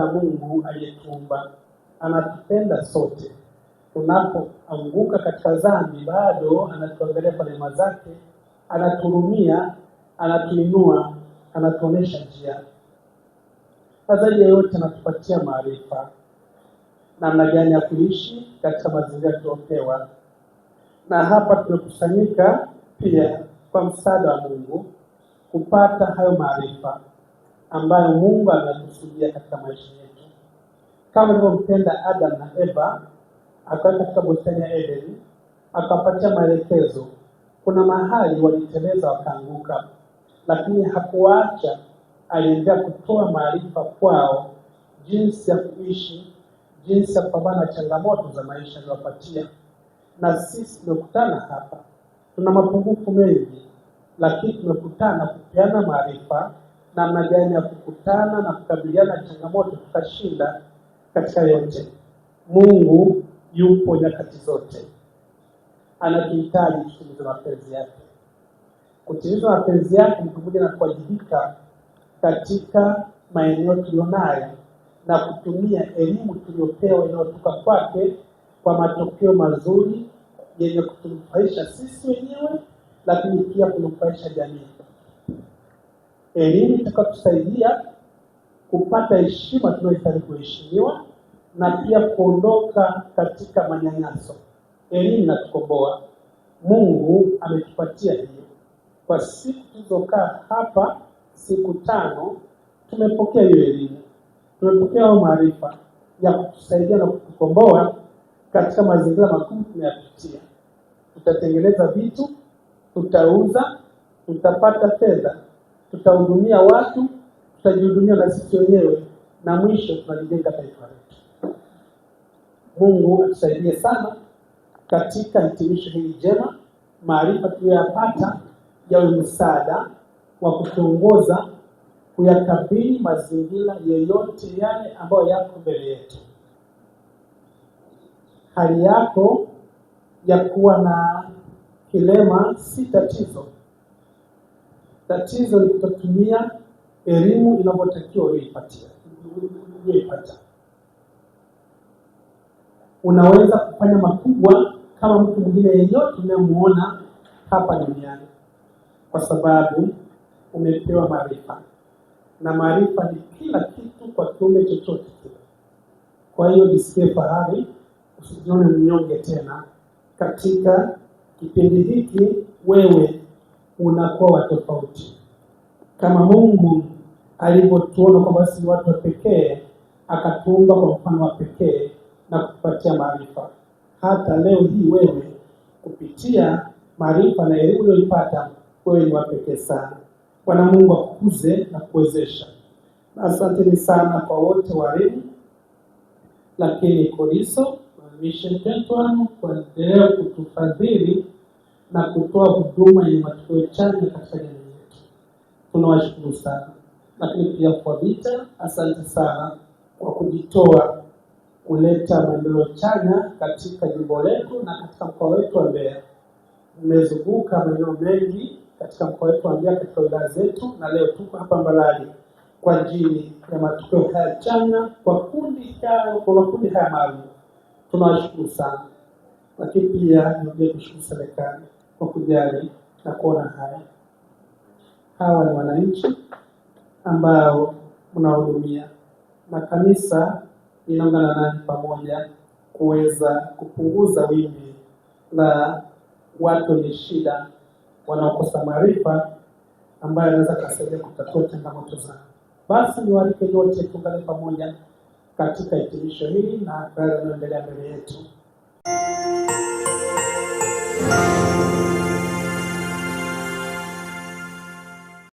hata Mungu aliyetuumba anatupenda sote. Tunapoanguka katika dhambi, bado anatuangalia kwa neema zake, anaturumia, anatuinua, anatuonesha njia, na zaidi ya yote anatupatia maarifa namna gani ya kuishi katika mazingira tuliopewa. Na hapa tumekusanyika pia kwa msaada wa Mungu kupata hayo maarifa ambayo Mungu anakusudia katika maisha yetu. Kama alivyompenda Adam na Eva akaweka katika bustani ya Edeni, akawapatia maelekezo. Kuna mahali waliteleza wakaanguka, lakini hakuwaacha. Aliendelea kutoa maarifa kwao, jinsi ya kuishi, jinsi ya kupambana na changamoto za maisha aliyowapatia. Na sisi tumekutana hapa, tuna mapungufu mengi, lakini tumekutana kupeana maarifa namna gani ya kukutana na kukabiliana na changamoto tukashinda katika yote. Mungu yupo nyakati zote, anatuhitaji kutimiza mapenzi yake. Kutimiza mapenzi yake ni pamoja na kuwajibika katika maeneo tuliyonayo na kutumia elimu tuliyopewa inayotoka kwake kwa matokeo mazuri yenye kutunufaisha sisi wenyewe, lakini pia kunufaisha jamii elimu itakayotusaidia kupata heshima tunayohitaji kuheshimiwa na pia kuondoka katika manyanyaso. Elimu inatukomboa, Mungu ametupatia hiyo. Kwa siku tulizokaa hapa, siku tano, tumepokea hiyo elimu, tumepokea hayo maarifa ya kutusaidia na kutukomboa katika mazingira magumu tunayapitia. Tutatengeneza vitu, tutauza, tutapata fedha tutahudumia watu, tutajihudumia na sisi wenyewe, na mwisho tunalijenga taifa letu. Mungu atusaidie sana katika hitimisho hili jema. Maarifa tuliyoyapata yawe msaada wa kutuongoza kuyakabili mazingira yoyote yale ambayo yako mbele yetu. Hali yako ya kuwa na kilema si tatizo. Tatizo ni kutotumia elimu inavyotakiwa uliyoipata. Unaweza kufanya makubwa kama mtu mwingine yeyote unayemuona hapa duniani, kwa sababu umepewa maarifa, na maarifa ni kila kitu kwa kiume chochote kile. Kwa hiyo jisikie fahari, usijione mnyonge tena. Katika kipindi hiki wewe unakuwa wa tofauti. Kama Mungu alivyotuona kwamba sisi watu wa pekee, akatuumba kwa mfano wa pekee na kupatia maarifa. Hata leo hii wewe kupitia maarifa na elimu uliyoipata, wewe ni wa pekee sana. Bwana Mungu akukuze na kuwezesha. Asanteni sana kwa wote walimu, lakini Koriso Mission 21 kuendelea kutufadhili na kutoa huduma yenye matokeo chanya katika jamii yetu. Tunawashukuru sana, lakini pia kwa VITA, asante sana kwa kujitoa kuleta maendeleo chanya katika jimbo letu na katika mkoa wetu wa Mbeya. Nimezunguka maeneo mengi katika mkoa wetu wa Mbeya, katika wilaya zetu, na leo tuko hapa Mbalali kwa ajili ya matokeo haya chanya kwa kundi kwa makundi haya maalum. Tunawashukuru sana, lakini pia niongee kushukuru serikali kwa kujali na kuona haya. Hawa ni wananchi ambao mnahudumia, na kanisa linaungana nanyi pamoja kuweza kupunguza wimbi la watu wenye shida wanaokosa maarifa ambayo anaweza kasaidia kutatua changamoto zao. Basi ni niwaalike yote tuungane pamoja katika hitimisho hili na yanayoendelea mbele yetu.